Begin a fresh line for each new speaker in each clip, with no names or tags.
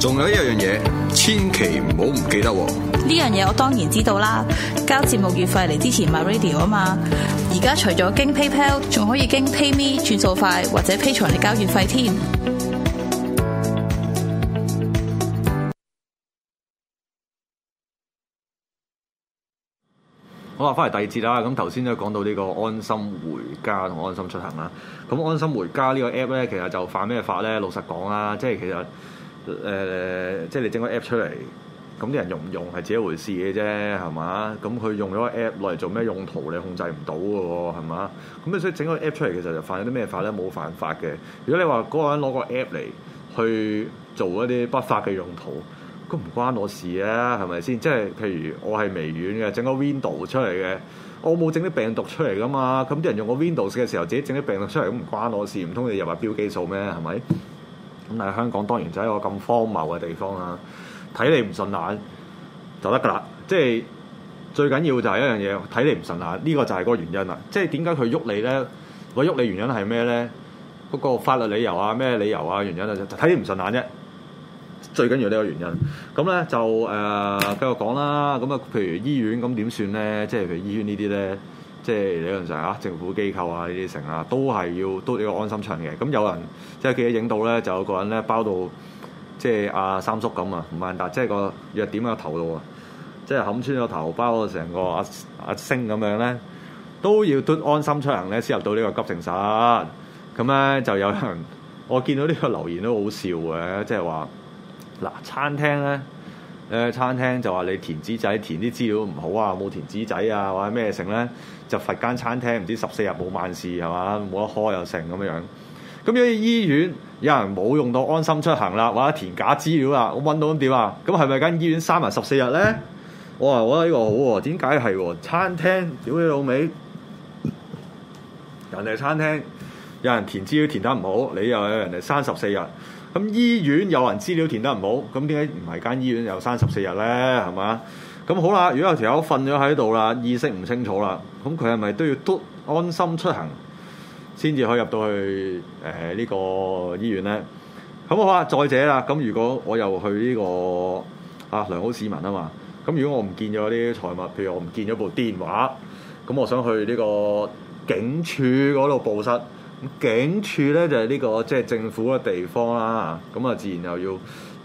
仲有一樣嘢，千祈唔好唔記得。呢樣嘢我當然知道啦，交節目月費嚟支持 MyRadio 啊嘛。而家除咗經 PayPal，仲可以經 PayMe 轉數快或者 Patreon 嚟交月費添。 好啦，翻嚟第二節啦。咁頭先咧講到呢個安心回家同安心出行啦。咁安心回家呢個 app 咧，其實就犯咩法咧？老實講啊，即係其實。誒、呃，即係你整個 app 出嚟，咁啲人用唔用係自己一回事嘅啫，係嘛？咁佢用咗個 app 嚟做咩用途，你控制唔到喎，係嘛？咁所以整個 app 出嚟其實就犯咗啲咩法咧？冇犯法嘅。如果你話嗰個人攞個 app 嚟去做一啲不法嘅用途，咁唔關我事啊，係咪先？即係譬如我係微軟嘅，整個 Windows 出嚟嘅，我冇整啲病毒出嚟噶嘛。咁啲人用個 Windows 嘅時候，自己整啲病毒出嚟，咁唔關我事，唔通你又話標記數咩？係咪？咁但香港當然就係一個咁荒謬嘅地方啦，睇你唔順眼就得噶啦，即係最緊要就係一樣嘢，睇你唔順眼，呢、這個就係嗰個原因啦。即係點解佢喐你咧？佢喐你原因係咩咧？嗰、那個法律理由啊，咩理由啊，原因就睇你唔順眼啫。最緊要呢個原因。咁咧就誒繼、呃、續講啦。咁啊，譬如醫院咁點算咧？即係譬如醫院呢啲咧。即係理論上嚇、啊，政府機構啊呢啲成啊，都係要都要安心出行嘅。咁有人即係記者影到咧，就有個人咧包到即係阿、啊、三叔咁，就是、啊，同萬達即係個弱點個頭度啊，即係冚穿個頭包到成個阿阿星咁樣咧，都要都安心出行咧，先入到呢個急症室。咁咧就有人我見到呢個留言都好笑嘅，即係話嗱餐廳咧。誒，餐廳就話你填紙仔填啲資料唔好啊，冇填紙仔啊，或者咩成咧，就罰間餐廳唔知十四日冇萬事係嘛，冇得開又成咁樣樣。咁如果醫院有人冇用到安心出行啦，或者填假資料啊，我揾到咁點啊？咁係咪間醫院閂埋十四日咧？我話我覺得呢個好喎，啊，點解係喎？餐廳屌你老味，人哋餐廳有人填資料填得唔好，你又有人哋閂十四日。咁醫院有人資料填得唔好，咁點解唔係間醫院又閂十四日咧？係嘛？咁好啦，如果有條友瞓咗喺度啦，意識唔清楚啦，咁佢係咪都要都安心出行先至可以入到去誒呢個醫院咧？好唔好啊？再者啦，咁如果我又去呢個啊良好市民啊嘛，咁如果我唔見咗啲財物，譬如我唔見咗部電話，咁我想去呢個警署嗰度報失。警署咧就係、是、呢、這個即係、就是、政府嘅地方啦，咁啊自然又要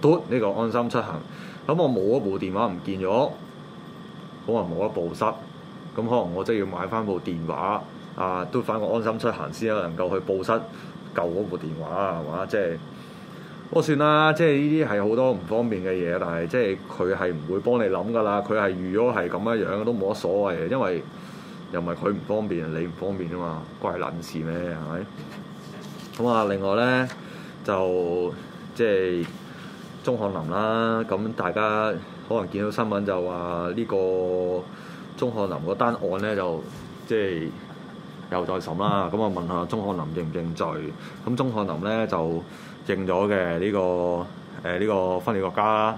督呢個安心出行。咁我冇一部電話唔見咗，可能冇得報失，咁可能我真係要買翻部電話啊，督翻個安心出行先有能夠去報失舊嗰部電話係嘛？即係，我、就是、算啦，即係呢啲係好多唔方便嘅嘢，但係即係佢係唔會幫你諗噶啦，佢係預咗係咁樣樣都冇乜所謂嘅，因為。又唔係佢唔方便，你唔方便啊嘛，怪撚事咩？係咪？咁啊，另外咧就即係鍾漢林啦，咁大家可能見到新聞就話呢個鍾漢林嗰單案咧就即係又再審啦，咁啊問下鍾漢林認唔認罪？咁鍾漢林咧就認咗嘅呢個誒呢個分裂國家。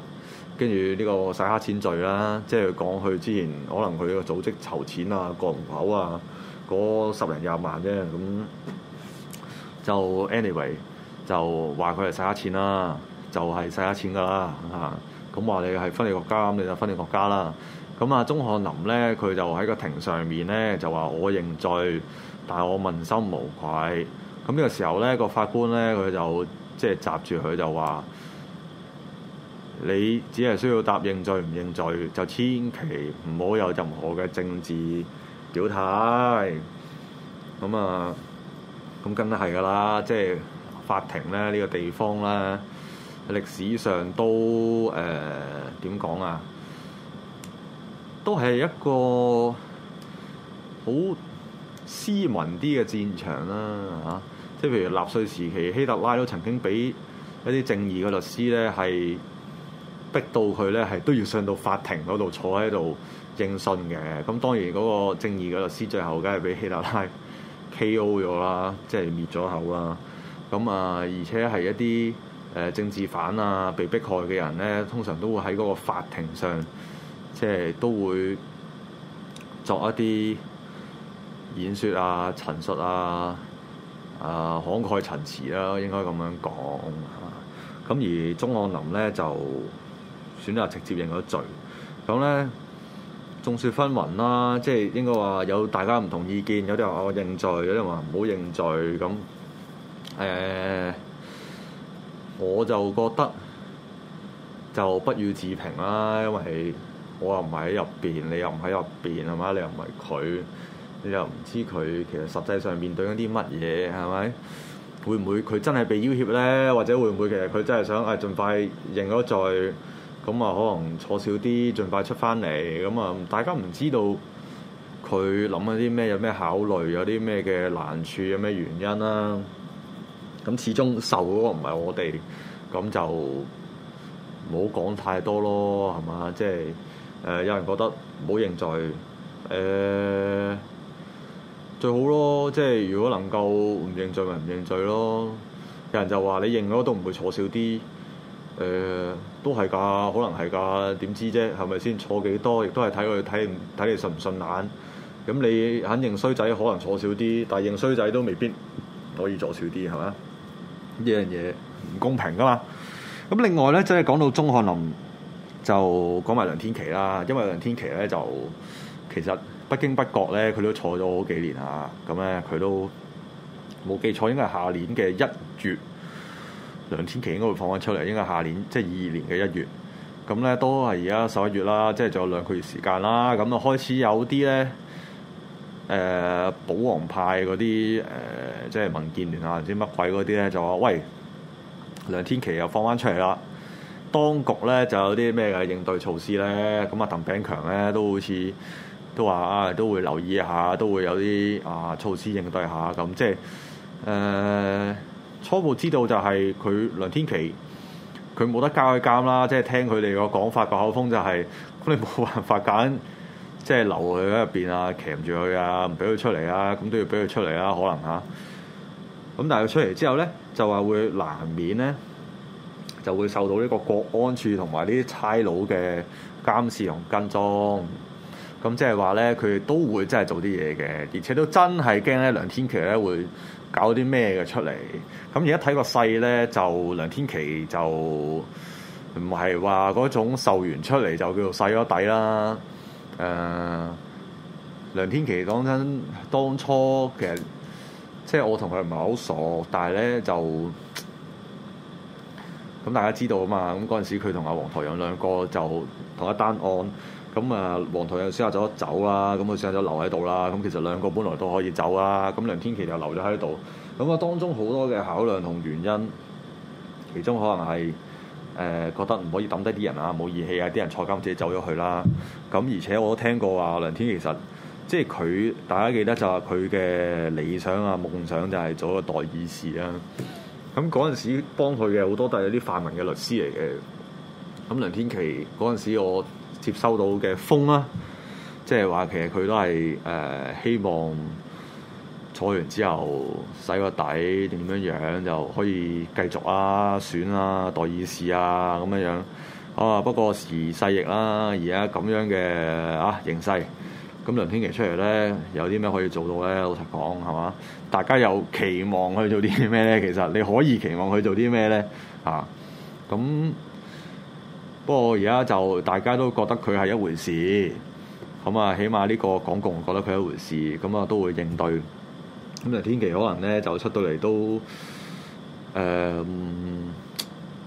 跟住呢個洗黑錢罪啦，即係講佢之前可能佢個組織籌錢啊、過唔包啊嗰十零廿萬啫，咁就 anyway 就話佢係洗黑錢啦、啊，就係、是、洗黑錢噶啦嚇。咁、啊、話、啊啊、你係分裂國家，咁你就分裂國家啦。咁啊，鍾翰林咧，佢就喺個庭上面咧就話我認罪，但我問心無愧。咁呢個時候咧，個法官咧佢就即係閘住佢就話，你只係需要答認罪唔認罪，就千祈唔好有任何嘅政治表態。咁啊，咁梗係㗎喇，即係法庭咧呢個地方咧，歷史上都誒、呃、點講啊，都係一個好斯文啲嘅戰場啦嚇。即係譬如納粹時期，希特拉都曾經俾一啲正義嘅律師咧係。逼到佢咧，係都要上到法庭嗰度坐喺度應訊嘅。咁當然嗰個正義嘅律師最後梗係俾希特拉 K.O. 咗啦，即係滅咗口啦。咁啊，而且係一啲誒政治犯啊，被逼害嘅人咧，通常都會喺嗰個法庭上，即係都會作一啲演說啊、陳述啊、啊慷慨陳詞啦、啊，應該咁樣講。咁而鍾漢林咧就～選擇直接認咗罪，咁咧眾說紛紜啦，即係應該話有大家唔同意見。有啲話我認罪，有啲話唔好認罪。咁誒、呃，我就覺得就不予置評啦，因為我又唔喺入邊，你又唔喺入邊，係嘛？你又唔係佢，你又唔知佢其實實際上面對緊啲乜嘢，係咪會唔會佢真係被要脅咧？或者會唔會其實佢真係想誒、哎、盡快認咗罪？咁啊，可能坐少啲，盡快出翻嚟。咁啊，大家唔知道佢諗緊啲咩，有咩考慮，有啲咩嘅難處，有咩原因啦。咁 始終受嗰個唔係我哋，咁就冇講太多咯，係嘛？即係誒，有人覺得冇認罪，誒、呃、最好咯。即係如果能夠唔認罪，咪唔認罪咯。有人就話你認咗都唔會坐少啲，誒、呃。都係㗎，可能係㗎，點知啫？係咪先坐幾多，亦都係睇佢睇睇你順唔順眼。咁你肯認衰仔可能坐少啲，但係認衰仔都未必可以坐少啲，係咪？呢樣嘢唔公平㗎嘛。咁另外咧，即係講到鍾翰林，就講埋梁天琦啦。因為梁天琦咧就其實不經不覺咧，佢都坐咗好幾年啊。咁咧佢都冇記錯，應該係下年嘅一月。梁天琦應該會放翻出嚟，應該下年即係二二年嘅一月，咁咧都係而家十一月啦，即係仲有兩個月時間啦，咁啊開始有啲咧誒保皇派嗰啲誒即係民建聯啊，唔知乜鬼嗰啲咧就話：喂，梁天琦又放翻出嚟啦！當局咧就有啲咩嘅應對措施咧？咁啊鄧炳強咧都好似都話啊，都會留意一下，都會有啲啊措施應對下咁，即係誒。呃初步知道就係佢梁天琦，佢冇得交佢監啦。即係聽佢哋個講法、個口風就係、是，咁你冇辦法揀，即係留佢喺入邊啊，騎唔住佢啊，唔俾佢出嚟啊，咁都要俾佢出嚟啦，可能嚇。咁但係佢出嚟之後咧，就話會難免咧，就會受到呢個國安處同埋呢啲差佬嘅監視同跟蹤。咁即係話咧，佢都會真係做啲嘢嘅，而且都真係驚咧梁天琦咧會。搞啲咩嘅出嚟？咁而家睇個勢咧，就梁天琦就唔係話嗰種售完出嚟就叫做洗咗底啦。誒、呃，梁天琦講真當初其實即係我同佢唔係好熟，但係咧就咁大家知道啊嘛。咁嗰陣時佢同阿黃台仰兩個就同一單案。咁啊，黃台又選擇咗走啦，咁佢選擇咗留喺度啦。咁其實兩個本來都可以走啦，咁梁天琦就留咗喺度。咁啊，當中好多嘅考量同原因，其中可能係誒覺得唔可以抌低啲人啊，冇義氣啊，啲人坐監自己走咗去啦。咁而且我都聽過話梁天琦其實即係佢，大家記得就係佢嘅理想啊、夢想就係做一個代議士啦。咁嗰陣時幫佢嘅好多都係啲泛民嘅律師嚟嘅。咁梁天琦嗰陣時我，接收到嘅風啦，即係話其實佢都係誒、呃、希望坐完之後洗個底，點樣樣就可以繼續啊，選啊，代議士啊，咁樣樣啊。不過時世易啦，而家咁樣嘅啊形勢，咁梁天琦出嚟咧，有啲咩可以做到咧？老實講係嘛？大家又期望去做啲咩咧？其實你可以期望去做啲咩咧？嚇、啊、咁。不過，而家就大家都覺得佢係一回事咁啊，起碼呢個港共覺得佢一回事咁啊，都會應對咁啊。天琦可能咧就出到嚟都誒、呃，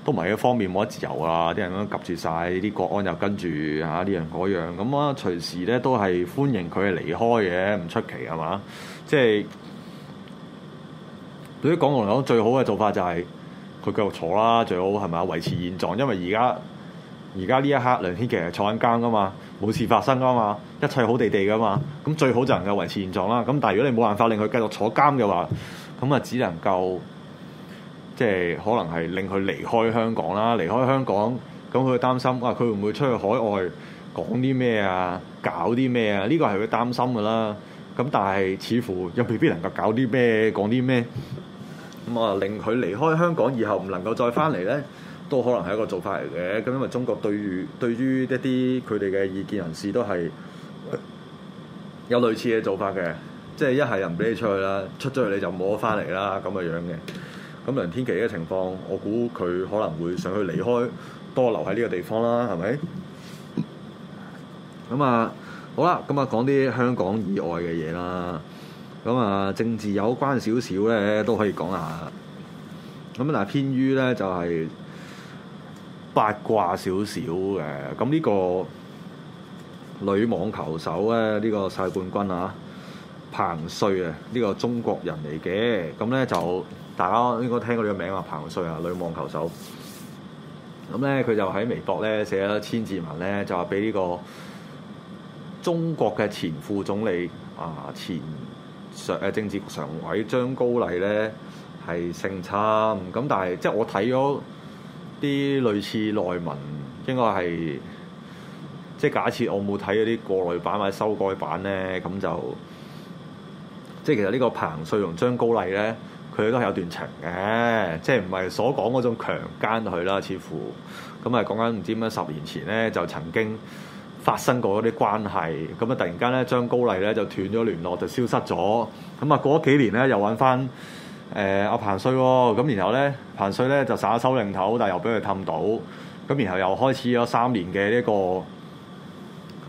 都唔係一方面冇得自由啊！啲人咁樣夾住晒，啲國安又跟住嚇呢樣嗰樣咁啊，隨時咧都係歡迎佢離開嘅，唔出奇係嘛？即係對於港共嚟講，最好嘅做法就係佢繼續坐啦，最好係咪維持現狀，因為而家。而家呢一刻，梁天琦係坐緊監噶嘛，冇事發生噶嘛，一切好地地噶嘛。咁最好就能夠維持現狀啦。咁但係如果你冇辦法令佢繼續坐監嘅話，咁啊只能夠即係可能係令佢離開香港啦。離開香港，咁佢擔心啊，佢會唔會出去海外講啲咩啊，搞啲咩啊？呢個係佢擔心噶啦。咁但係似乎又未必能夠搞啲咩講啲咩。咁、嗯、啊，令佢離開香港以後唔能夠再翻嚟咧。都可能係一個做法嚟嘅。咁因為中國對於對於一啲佢哋嘅意見人士都係有類似嘅做法嘅，即係一係人唔俾你出去啦，出咗去你就冇得翻嚟啦，咁嘅樣嘅。咁梁天琦嘅情況，我估佢可能會想去離開，多留喺呢個地方啦，係咪？咁啊，好啦，咁啊，講啲香港以外嘅嘢啦，咁啊，政治有關少少咧都可以講下。咁啊，偏於咧就係、是。八卦少少嘅，咁呢個女網球手咧，呢個世冠軍啊，彭帥啊，呢個中國人嚟嘅，咁咧就大家應該聽過呢個名啊，彭帥啊，女網球手。咁咧佢就喺微博咧寫咗千字文咧，就話俾呢個中國嘅前副總理啊，前上誒政治常委張高麗咧係性侵，咁但係即係我睇咗。啲類似內文應該係即係假設我冇睇嗰啲過濾版或者修改版咧，咁就即係其實呢個彭帥同張高麗咧，佢都係有段情嘅，即係唔係所講嗰種強姦佢啦，似乎咁啊講緊唔知點樣十年前咧就曾經發生過嗰啲關係，咁啊突然間咧張高麗咧就斷咗聯絡就消失咗，咁啊過咗幾年咧又揾翻。誒，阿彭帥喎，咁然後咧，彭帥咧、哦、就耍手擰頭，但係又俾佢氹到，咁然後又開始咗三年嘅呢、這個誒、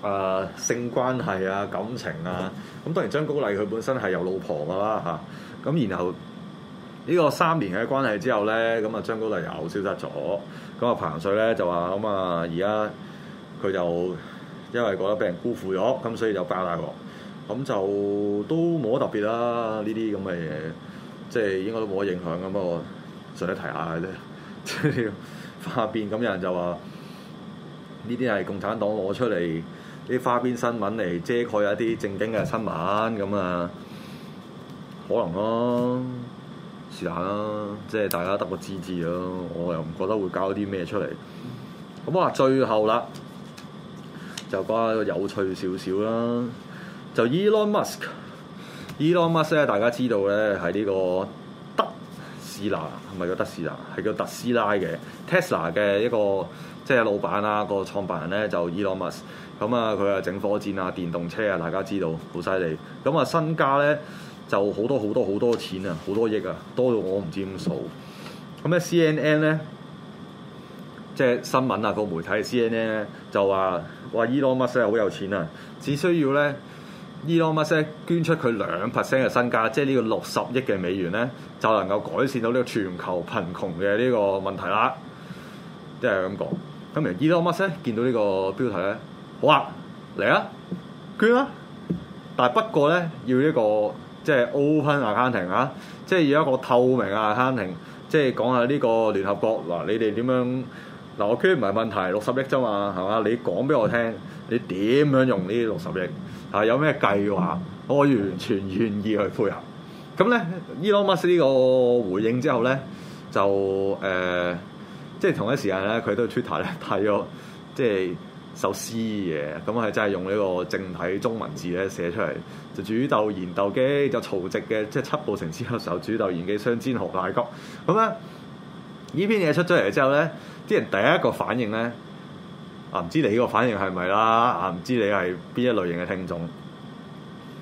呃、性關係啊、感情啊，咁當然張高麗佢本身係有老婆噶啦嚇，咁、啊啊、然後呢、這個三年嘅關係之後咧，咁啊張高麗又消失咗，咁啊彭帥咧就話咁啊而家佢就因為覺得俾人辜負咗，咁所以就爆大鑊，咁就都冇乜特別啦，呢啲咁嘅嘢。即係應該都冇乜影響咁啊！順例提下啫，即係花邊，咁有人就話呢啲係共產黨攞出嚟啲花邊新聞嚟遮蓋一啲正經嘅新聞咁啊，可能咯，是但啦，即係大家得個知字咯，我又唔覺得會搞啲咩出嚟。咁啊，最後啦，就講下個有趣少少啦，就 Elon Musk。Elon Musk 咧、就是 e 嗯，大家知道咧係、嗯、呢個德斯拿，係咪叫德斯拿？係叫特斯拉嘅 Tesla 嘅一個即係老闆啊，個創辦人咧就 Elon Musk。咁啊，佢啊整火箭啊、電動車啊，大家知道好犀利。咁啊，身家咧就好多好多好多錢啊，好多億啊，多到我唔知點數。咁、嗯、咧 CNN 咧即係新聞啊、個媒體嘅 CNN 咧就話：哇！Elon Musk 係好有錢啊，只需要咧。Elon Musk 捐出佢兩 percent 嘅身家，即係呢個六十億嘅美元咧，就能夠改善到呢個全球貧窮嘅呢個問題啦。即係咁講，咁其 Elon Musk 見到呢個標題咧，哇、啊，嚟啊，捐啊！但係不過咧，要一、個即係 open accounting 嚇、啊，即係要一個透明 accounting，即係講下呢個聯合國嗱，你哋點樣嗱，我捐唔係問題，六十億啫嘛，係嘛？你講俾我聽，你點樣用呢六十億？啊！有咩計劃？我完全願意去配合。咁咧，Elon Musk 呢個回應之後咧，就誒、呃，即係同一時間咧，佢都 Twitter 咧睇咗即係首詩嘅。咁我真係用呢個正體中文字咧寫出嚟，就煮豆燃豆萁，就曹植嘅即係七步成詩嗰首，煮豆燃嘅相煎何太急。咁咧，呢篇嘢出咗嚟之後咧，啲人第一個反應咧～唔知你個反應係咪啦？啊，唔知你係邊一類型嘅聽眾。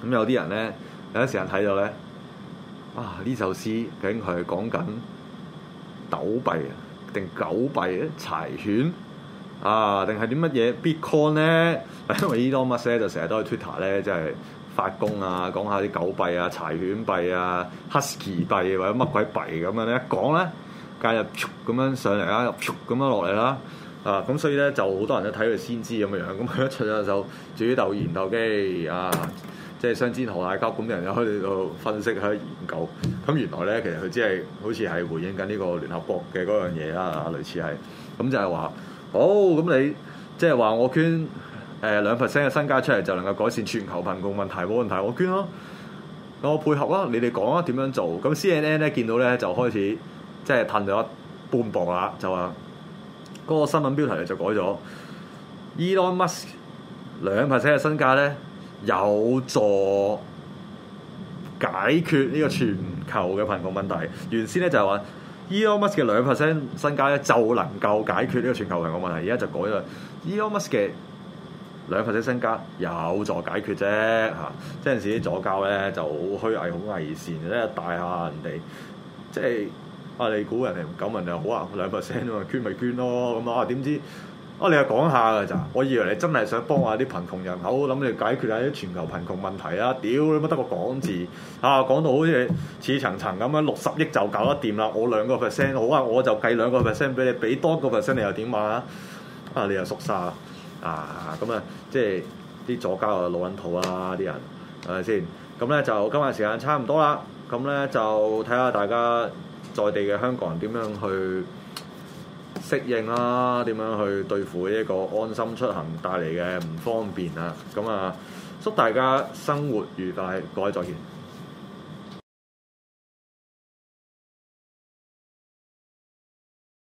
咁有啲人咧，有時間睇到咧，啊，呢首詩究竟佢係講緊狗幣定狗幣柴犬啊？定係啲乜嘢 Bitcoin 咧？因為 Elon Musk 咧就成日都去 Twitter 咧，即係發功啊，講下啲狗幣啊、柴犬幣啊、Husky 幣或者乜鬼幣咁樣咧，一講咧，隔日咁樣上嚟啦，咁樣落嚟啦。啊，咁所以咧就好多人一睇佢先知咁嘅樣，咁、嗯、佢一出咗就煮豆燃豆萁啊，即係相煎何太急，咁啲人又去到分析去研究，咁原來咧其實佢只係好似係回應緊呢個聯合國嘅嗰樣嘢啦，類似係咁、嗯、就係、是、話，好、哦，咁你即係話我捐誒兩 percent 嘅身家出嚟，就能夠改善全球貧窮問題。冇問題，我捐咯、啊，我配合啦、啊，你哋講啊點樣做，咁 C N N 咧見到咧就開始即係褪咗半磅啦，就話、是。就嗰個新聞標題就改咗，Elon Musk 兩 percent 嘅身家咧有助解決呢個全球嘅貧窮問題。原先咧就係話 Elon Musk 嘅兩 percent 身家咧就能夠解決呢個全球貧窮問題，而家就改咗 Elon Musk 嘅兩 percent 身家有助解決啫，嚇！即係有時啲左膠咧就好虛偽、好偽善咧，大下人哋即係。就是你啊！估人哋唔敢問就好啊，兩 percent 喎，捐咪捐咯咁啊！點知啊？你又講下噶咋？我以為你真係想幫下啲貧窮人口，諗住解決下啲全球貧窮問題啊！屌你乜得個講字啊！講到好似似層層咁樣，六十億就搞得掂啦！我兩個 percent 好啊，我就計兩個 percent 俾你，俾多個 percent 你又點話？啊！你又縮晒啊！啊咁啊，即係啲左膠啊、老人肚啊啲人係咪先？咁咧、啊嗯、就今日時間差唔多啦，咁、啊、咧就睇下大家。在地嘅香港人點樣去適應啊，點樣去對付呢一個安心出行帶嚟嘅唔方便啊？咁啊，祝大家生活愉快，各位再見。